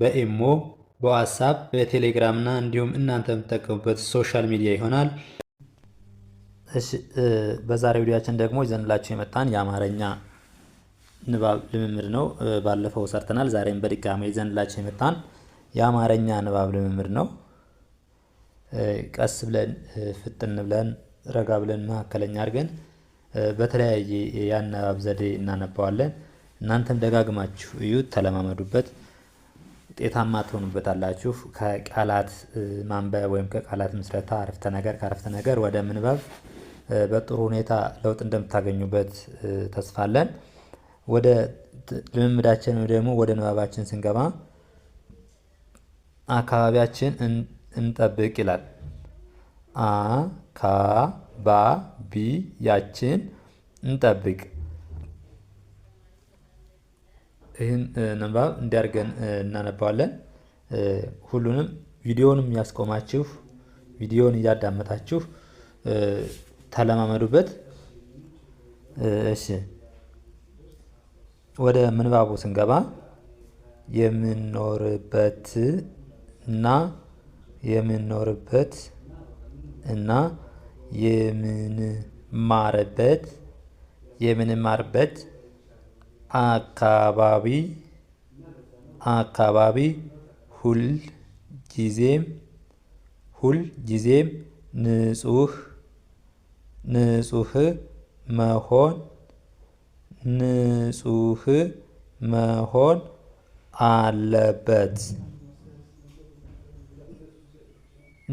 በኤሞ በዋትሳፕ በቴሌግራም እንዲሁም እናንተ የምትጠቀሙበት ሶሻል ሚዲያ ይሆናል። በዛሬ ቪዲዮችን ደግሞ ይዘንላችሁ የመጣን የአማርኛ ንባብ ልምምድ ነው። ባለፈው ሰርተናል። ዛሬም በድጋሚ ይዘንላችሁ የመጣን የአማርኛ ንባብ ልምምድ ነው። ቀስ ብለን ፍጥን ብለን ረጋ ብለን መካከለኛ አድርገን በተለያየ የአነባብ ዘዴ እናነባዋለን። እናንተም ደጋግማችሁ እዩ፣ ተለማመዱበት። ውጤታማ ትሆኑበታላችሁ። ከቃላት ማንበብ ወይም ከቃላት ምስረታ አረፍተ ነገር ከአረፍተ ነገር ወደ ምንበብ በጥሩ ሁኔታ ለውጥ እንደምታገኙበት ተስፋለን ወደ ልምምዳችን ደግሞ ወደ ንባባችን ስንገባ አካባቢያችን እንጠብቅ ይላል። አካባቢያችን እንጠብቅ ይህን ንባብ እንዲያርገን እናነባዋለን። ሁሉንም ቪዲዮንም ያስቆማችሁ ቪዲዮን እያዳመጣችሁ ተለማመዱበት። እሺ ወደ ምንባቡ ስንገባ የምንኖርበት እና የምንኖርበት እና የምንማርበት የምንማርበት አካባቢ አካባቢ ሁል ጊዜም ሁል ጊዜም ንጹህ ንጹህ መሆን ንጹህ መሆን አለበት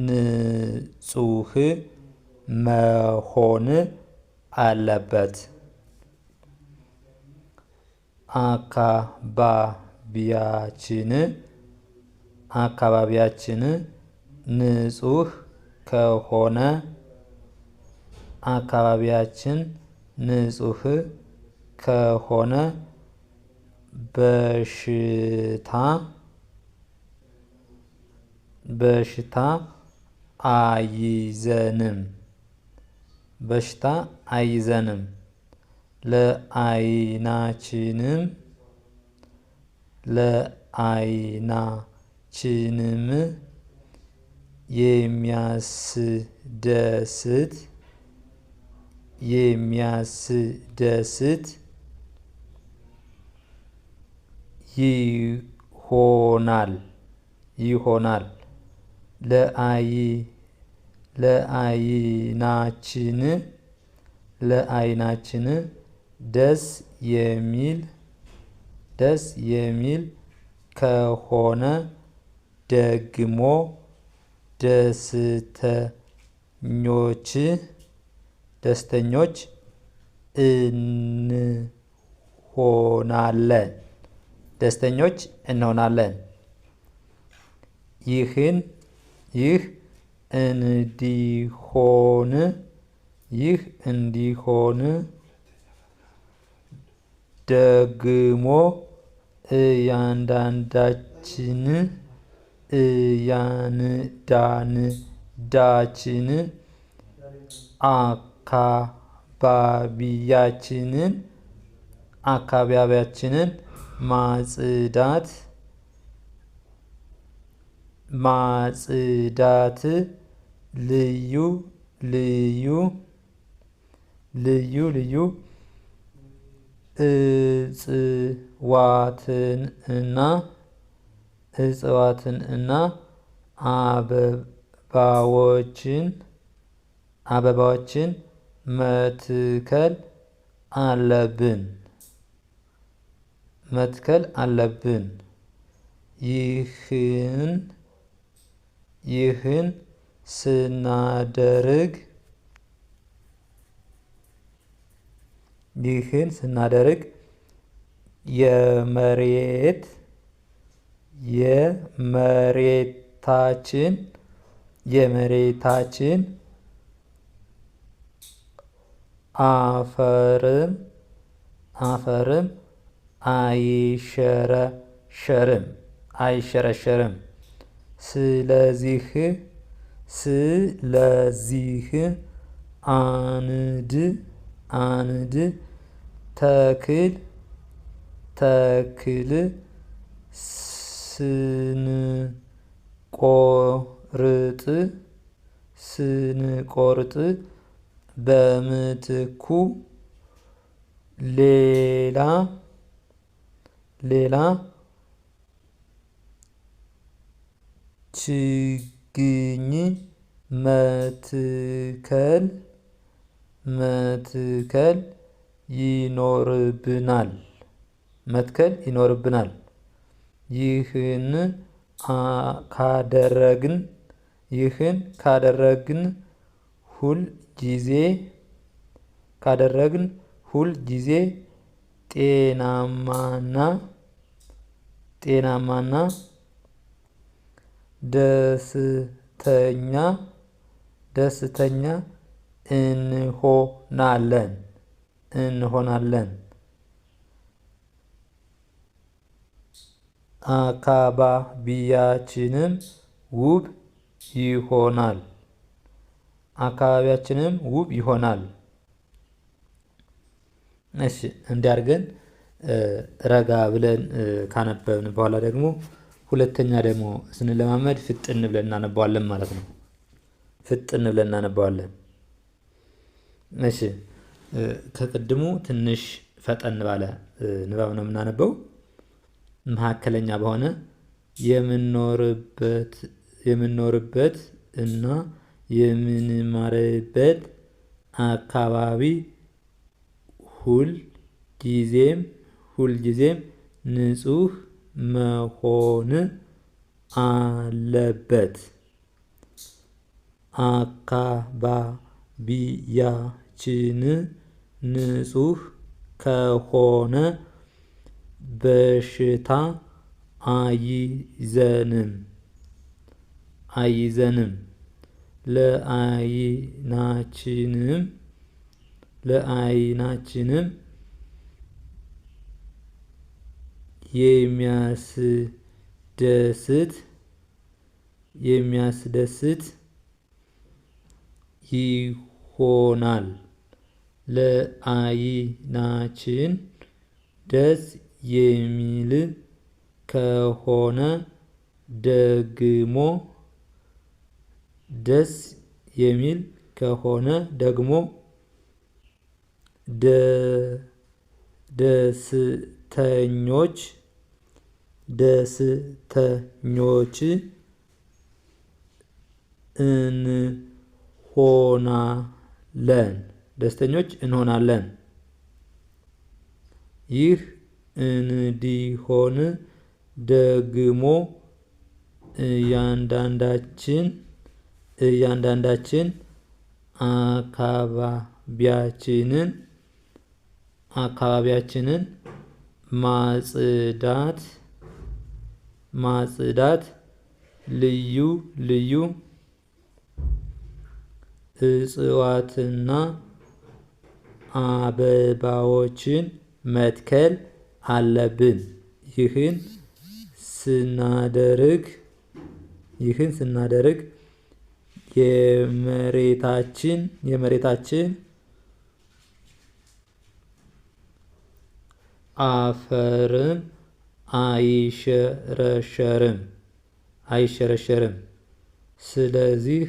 ንጹህ መሆን አለበት አካባቢያችን አካባቢያችን ንጹህ ከሆነ አካባቢያችን ንጹህ ከሆነ በሽታ በሽታ አይዘንም በሽታ አይዘንም ለአይናችንም ለአይናችንም የሚያስደስት የሚያስደስት ይሆናል ይሆናል ለአይ ለአይናችን ለአይናችን ደስ የሚል ደስ የሚል ከሆነ ደግሞ ደስተኞች ደስተኞች እንሆናለን ደስተኞች እንሆናለን። ይህን ይህ እንዲሆን ይህ እንዲሆን ደግሞ እያንዳንዳችን እያንዳንዳችን አካባቢያችንን አካባቢያችንን ማጽዳት ማጽዳት ልዩ ልዩ ልዩ ልዩ እጽዋትን እና እጽዋትን እና አበባዎችን አበባዎችን መትከል አለብን መትከል አለብን። ይህን ይህን ስናደርግ ይህን ስናደርግ የመሬት የመሬታችን የመሬታችን አፈርም አፈርም አይሸረሸርም አይሸረሸርም። ስለዚህ ስለዚህ አንድ አንድ takıl takılı sını ቆርጥ ስንቆርጥ በምትኩ ሌላ ሌላ ችግኝ መትከል መትከል ይኖርብናል። መትከል ይኖርብናል። ይህን ካደረግን ይህን ካደረግን ሁል ጊዜ ካደረግን ሁል ጊዜ ጤናማና ጤናማና ደስተኛ ደስተኛ እንሆናለን። እንሆናለን። አካባቢያችንም ውብ ይሆናል። አካባቢያችንም ውብ ይሆናል። እሺ እንዲያርገን ረጋ ብለን ካነበብን በኋላ ደግሞ ሁለተኛ ደግሞ ስንለማመድ ፍጥን ብለን እናነባዋለን ማለት ነው። ፍጥን ብለን እናነባዋለን። እሺ ከቅድሙ ትንሽ ፈጠን ባለ ንባብ ነው የምናነበው። መካከለኛ በሆነ የምንኖርበት የምንኖርበት እና የምንማርበት አካባቢ ሁል ጊዜም ሁል ጊዜም ንጹህ መሆን አለበት። አካባቢያችን ንጹህ ከሆነ በሽታ አይዘንም አይዘንም ለአይናችንም ለአይናችንም የሚያስደስት የሚያስደስት ይሆናል ለአይናችን ደስ የሚል ከሆነ ደግሞ ደስ የሚል ከሆነ ደግሞ ደስተኞች ደስተኞች እንሆናለን። ደስተኞች እንሆናለን። ይህ እንዲሆን ደግሞ እያንዳንዳችን እያንዳንዳችን አካባቢያችንን አካባቢያችንን ማጽዳት ማጽዳት ልዩ ልዩ እጽዋትና አበባዎችን መትከል አለብን። ይህን ስናደርግ ይህን ስናደርግ የመሬታችን የመሬታችን አፈርም አይሸረሸርም አይሸረሸርም። ስለዚህ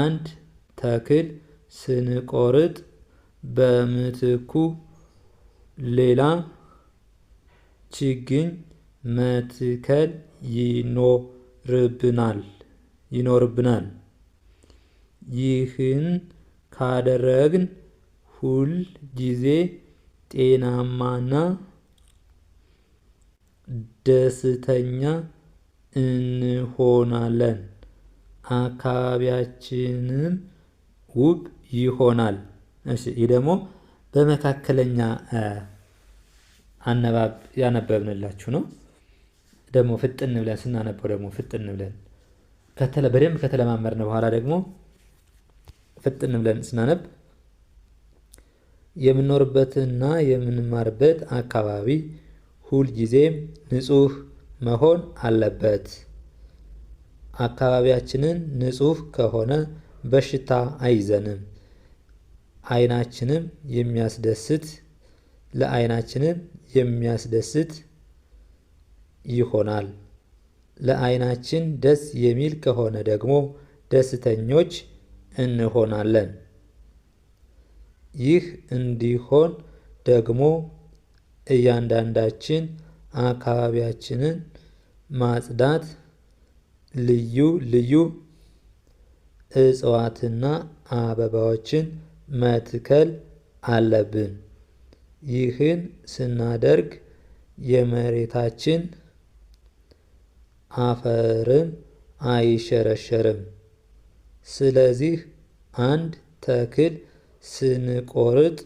አንድ ተክል ስንቆርጥ በምትኩ ሌላ ችግኝ መትከል ይኖርብናል ይኖርብናል። ይህን ካደረግን ሁል ጊዜ ጤናማና ደስተኛ እንሆናለን። አካባቢያችንም ውብ ይሆናል። እሺ ይህ ደግሞ በመካከለኛ አነባብ ያነበብንላችሁ ነው። ደግሞ ፍጥን ብለን ስናነበው ደግሞ ፍጥን ብለን በደንብ ከተለማመድን በኋላ ደግሞ ፍጥን ብለን ስናነብ የምንኖርበትና የምንማርበት አካባቢ ሁልጊዜም ንጹህ መሆን አለበት። አካባቢያችንን ንጹህ ከሆነ በሽታ አይዘንም። አይናችንም የሚያስደስት ለአይናችንም የሚያስደስት ይሆናል። ለአይናችን ደስ የሚል ከሆነ ደግሞ ደስተኞች እንሆናለን። ይህ እንዲሆን ደግሞ እያንዳንዳችን አካባቢያችንን ማጽዳት፣ ልዩ ልዩ እጽዋትና አበባዎችን መትከል አለብን። ይህን ስናደርግ የመሬታችን አፈርም አይሸረሸርም። ስለዚህ አንድ ተክል ስንቆርጥ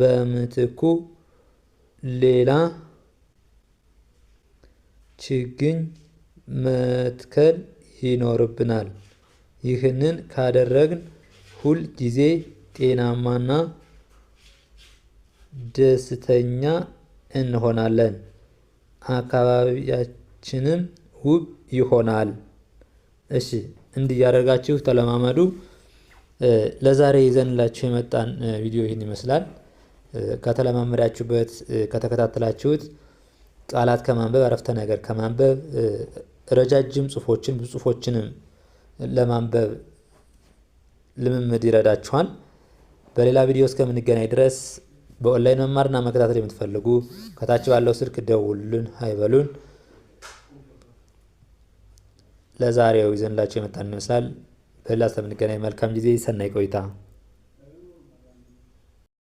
በምትኩ ሌላ ችግኝ መትከል ይኖርብናል። ይህንን ካደረግን ሁል ጊዜ ጤናማና ደስተኛ እንሆናለን። አካባቢያችንም ውብ ይሆናል። እሺ እንዲህ እያደረጋችሁ ተለማመዱ። ለዛሬ ይዘንላችሁ የመጣን ቪዲዮ ይህን ይመስላል። ከተለማመዳችሁበት፣ ከተከታተላችሁት ቃላት ከማንበብ አረፍተ ነገር ከማንበብ ረጃጅም ጽሁፎችን ብዙ ጽሁፎችንም ለማንበብ ልምምድ ይረዳችኋል። በሌላ ቪዲዮ እስከምንገናኝ ድረስ በኦንላይን መማርና መከታተል የምትፈልጉ ከታች ባለው ስልክ ደውሉልን፣ አይበሉን። ለዛሬው ይዘንላቸው የመጣን ይመስላል። በሌላ እስከምንገናኝ መልካም ጊዜ፣ ሰናይ ቆይታ